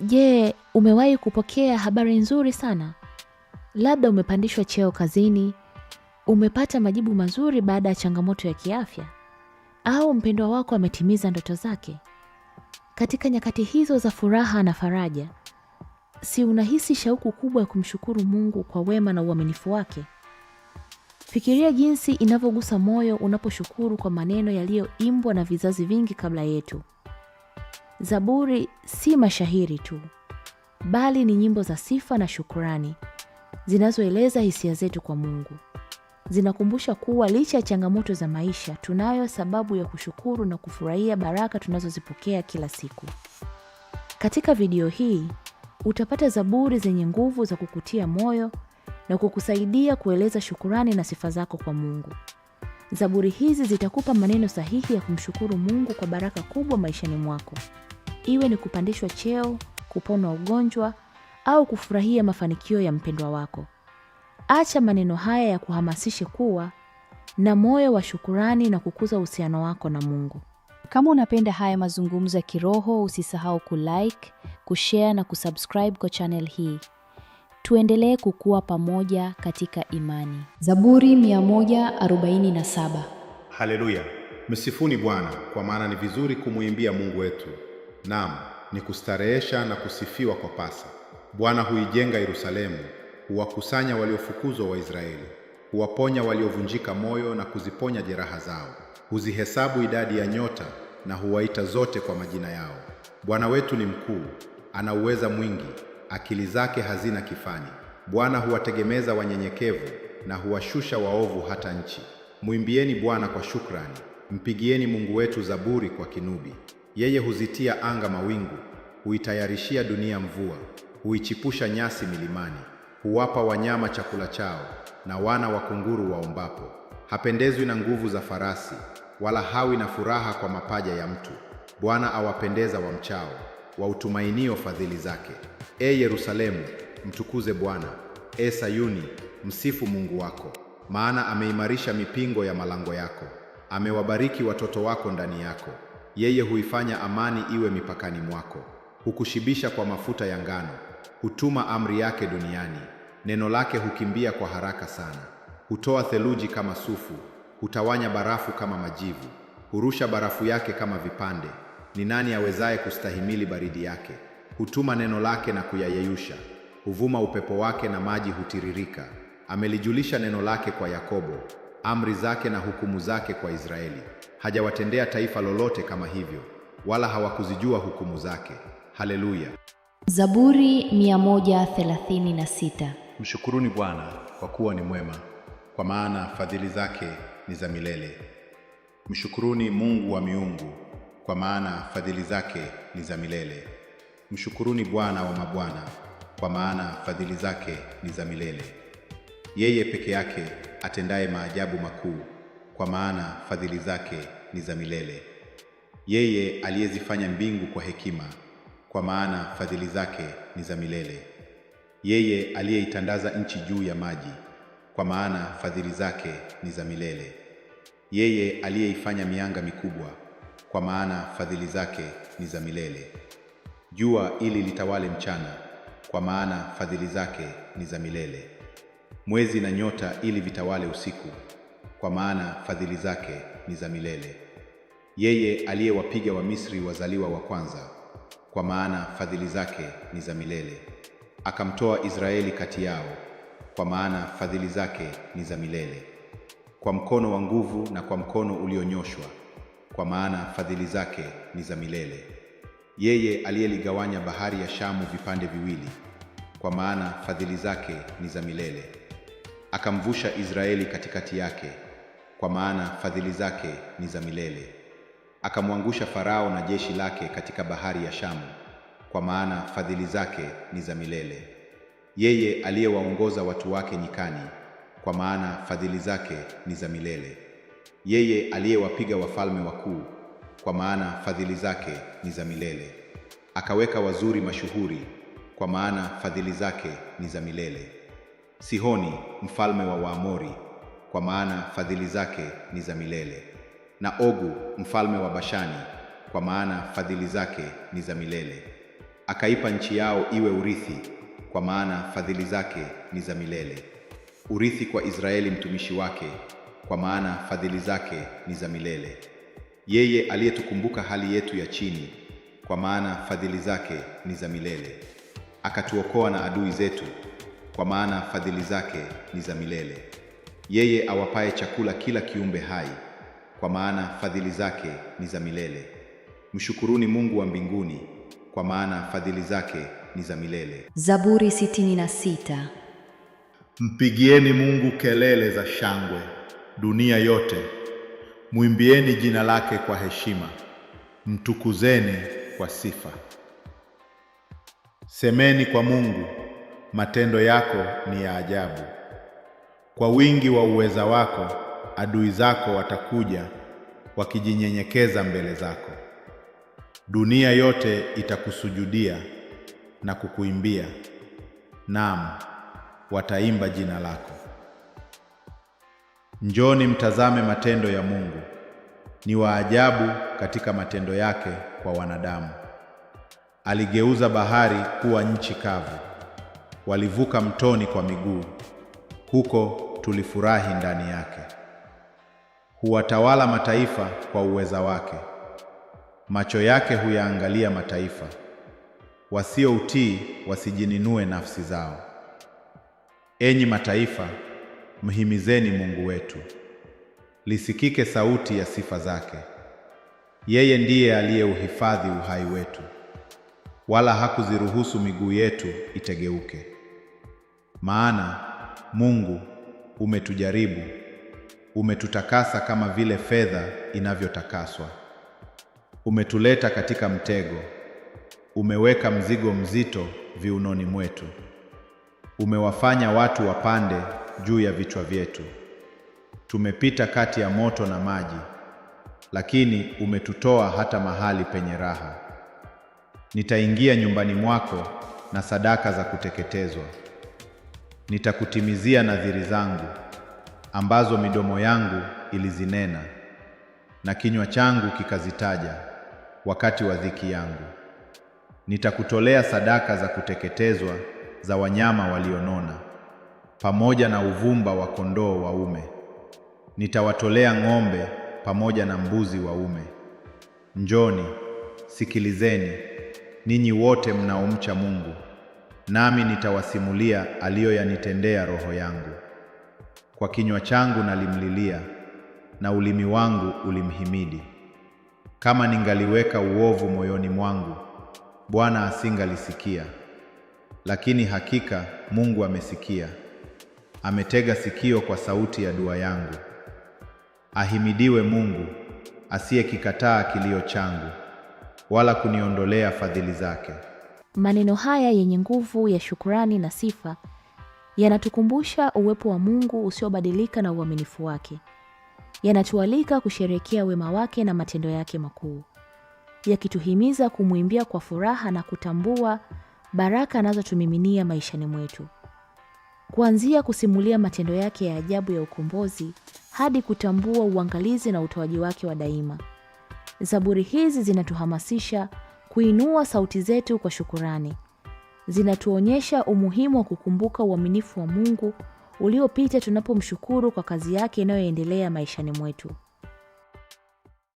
Je, umewahi kupokea habari nzuri sana? Labda umepandishwa cheo kazini, umepata majibu mazuri baada ya changamoto ya kiafya, au mpendwa wako ametimiza ndoto zake. Katika nyakati hizo za furaha na faraja, si unahisi shauku kubwa ya kumshukuru Mungu kwa wema na uaminifu wake? Fikiria jinsi inavyogusa moyo unaposhukuru kwa maneno yaliyoimbwa na vizazi vingi kabla yetu. Zaburi si mashahiri tu, bali ni nyimbo za sifa na shukurani zinazoeleza hisia zetu kwa Mungu. Zinakumbusha kuwa licha ya changamoto za maisha, tunayo sababu ya kushukuru na kufurahia baraka tunazozipokea kila siku. Katika video hii utapata zaburi zenye nguvu za kukutia moyo na kukusaidia kueleza shukurani na sifa zako kwa Mungu. Zaburi hizi zitakupa maneno sahihi ya kumshukuru Mungu kwa baraka kubwa maishani mwako iwe ni kupandishwa cheo, kupona ugonjwa au kufurahia mafanikio ya mpendwa wako. Acha maneno haya ya kuhamasishe kuwa na moyo wa shukurani na kukuza uhusiano wako na Mungu. Kama unapenda haya mazungumzo ya kiroho, usisahau kulike, kushare na kusubscribe kwa channel hii. Tuendelee kukua pamoja katika imani. Zaburi 147. Haleluya! Msifuni Bwana, kwa maana ni vizuri kumwimbia Mungu wetu. Naam, ni kustarehesha na kusifiwa kwa Pasa. Bwana huijenga Yerusalemu, huwakusanya waliofukuzwa Waisraeli, huwaponya waliovunjika moyo na kuziponya jeraha zao, huzihesabu idadi ya nyota na huwaita zote kwa majina yao. Bwana wetu ni mkuu, ana uweza mwingi, akili zake hazina kifani. Bwana huwategemeza wanyenyekevu na huwashusha waovu hata nchi. Mwimbieni Bwana kwa shukrani, mpigieni Mungu wetu zaburi kwa kinubi. Yeye huzitia anga mawingu, huitayarishia dunia mvua, huichipusha nyasi milimani, huwapa wanyama chakula chao, na wana wa kunguru waombapo. Hapendezwi na nguvu za farasi, wala hawi na furaha kwa mapaja ya mtu. Bwana awapendeza wamchao, wautumainio fadhili zake. E Yerusalemu, mtukuze Bwana. E Sayuni, msifu Mungu wako, maana ameimarisha mipingo ya malango yako, amewabariki watoto wako ndani yako. Yeye huifanya amani iwe mipakani mwako, hukushibisha kwa mafuta ya ngano, hutuma amri yake duniani, neno lake hukimbia kwa haraka sana. Hutoa theluji kama sufu, hutawanya barafu kama majivu, hurusha barafu yake kama vipande. Ni nani awezaye kustahimili baridi yake? Hutuma neno lake na kuyayeyusha, huvuma upepo wake na maji hutiririka. Amelijulisha neno lake kwa Yakobo, amri zake na hukumu zake kwa Israeli. Hajawatendea taifa lolote kama hivyo, wala hawakuzijua hukumu zake. Haleluya. Zaburi 136. Mshukuruni Bwana kwa kuwa ni mwema, kwa maana fadhili zake ni za milele. Mshukuruni Mungu wa miungu, kwa maana fadhili zake ni za milele. Mshukuruni Bwana wa mabwana, kwa maana fadhili zake ni za milele. Yeye peke yake atendaye maajabu makuu, kwa maana fadhili zake ni za milele. Yeye aliyezifanya mbingu kwa hekima, kwa maana fadhili zake ni za milele. Yeye aliyeitandaza nchi juu ya maji, kwa maana fadhili zake ni za milele. Yeye aliyeifanya mianga mikubwa, kwa maana fadhili zake ni za milele. Jua ili litawale mchana, kwa maana fadhili zake ni za milele mwezi na nyota ili vitawale usiku, kwa maana fadhili zake ni za milele. Yeye aliyewapiga Wamisri wazaliwa wa kwanza, kwa maana fadhili zake ni za milele. Akamtoa Israeli kati yao, kwa maana fadhili zake ni za milele. Kwa mkono wa nguvu na kwa mkono ulionyoshwa, kwa maana fadhili zake ni za milele. Yeye aliyeligawanya bahari ya Shamu vipande viwili, kwa maana fadhili zake ni za milele akamvusha Israeli katikati yake, kwa maana fadhili zake ni za milele. Akamwangusha Farao na jeshi lake katika bahari ya Shamu, kwa maana fadhili zake ni za milele. Yeye aliyewaongoza watu wake nyikani, kwa maana fadhili zake ni za milele. Yeye aliyewapiga wafalme wakuu, kwa maana fadhili zake ni za milele. Akaweka wazuri mashuhuri, kwa maana fadhili zake ni za milele. Sihoni mfalme wa Waamori, kwa maana fadhili zake ni za milele, na Ogu mfalme wa Bashani, kwa maana fadhili zake ni za milele. Akaipa nchi yao iwe urithi, kwa maana fadhili zake ni za milele. Urithi kwa Israeli mtumishi wake, kwa maana fadhili zake ni za milele. Yeye aliyetukumbuka hali yetu ya chini, kwa maana fadhili zake ni za milele. Akatuokoa na adui zetu kwa maana fadhili zake ni za milele. Yeye awapaye chakula kila kiumbe hai, kwa maana fadhili zake ni za milele. Mshukuruni Mungu wa mbinguni, kwa maana fadhili zake ni za milele. Zaburi sitini na sita. Mpigieni Mungu kelele za shangwe, dunia yote. Mwimbieni jina lake kwa heshima, mtukuzeni kwa sifa. Semeni kwa Mungu matendo yako ni ya ajabu. Kwa wingi wa uweza wako adui zako watakuja wakijinyenyekeza mbele zako. Dunia yote itakusujudia na kukuimbia, naam, wataimba jina lako. Njoni mtazame matendo ya Mungu, ni waajabu katika matendo yake kwa wanadamu. Aligeuza bahari kuwa nchi kavu walivuka mtoni kwa miguu. Huko tulifurahi ndani yake. Huwatawala mataifa kwa uweza wake. Macho yake huyaangalia mataifa. Wasioutii wasijininue nafsi zao. Enyi mataifa, mhimizeni Mungu wetu. Lisikike sauti ya sifa zake. Yeye ndiye aliyeuhifadhi uhai wetu. Wala hakuziruhusu miguu yetu itegeuke. Maana Mungu umetujaribu, umetutakasa kama vile fedha inavyotakaswa. Umetuleta katika mtego, umeweka mzigo mzito viunoni mwetu. Umewafanya watu wapande juu ya vichwa vyetu. Tumepita kati ya moto na maji, lakini umetutoa hata mahali penye raha. Nitaingia nyumbani mwako na sadaka za kuteketezwa nitakutimizia nadhiri zangu ambazo midomo yangu ilizinena na kinywa changu kikazitaja wakati wa dhiki yangu. Nitakutolea sadaka za kuteketezwa za wanyama walionona pamoja na uvumba wa kondoo waume. Nitawatolea ng'ombe pamoja na mbuzi waume. Njoni, sikilizeni ninyi wote mnaomcha Mungu nami nitawasimulia aliyoyanitendea roho yangu. Kwa kinywa changu nalimlilia na ulimi wangu ulimhimidi. Kama ningaliweka uovu moyoni mwangu, Bwana asingalisikia. Lakini hakika Mungu amesikia, ametega sikio kwa sauti ya dua yangu. Ahimidiwe Mungu asiyekikataa kilio changu wala kuniondolea fadhili zake. Maneno haya yenye nguvu ya shukrani na sifa yanatukumbusha uwepo wa Mungu usiobadilika na uaminifu wake. Yanatualika kusherekea wema wake na matendo yake makuu, yakituhimiza kumwimbia kwa furaha na kutambua baraka anazotumiminia maishani mwetu. Kuanzia kusimulia matendo yake ya ajabu ya ukombozi hadi kutambua uangalizi na utoaji wake wa daima. Zaburi hizi zinatuhamasisha kuinua sauti zetu kwa shukurani. Zinatuonyesha umuhimu wa kukumbuka uaminifu wa Mungu uliopita tunapomshukuru kwa kazi yake inayoendelea maishani mwetu.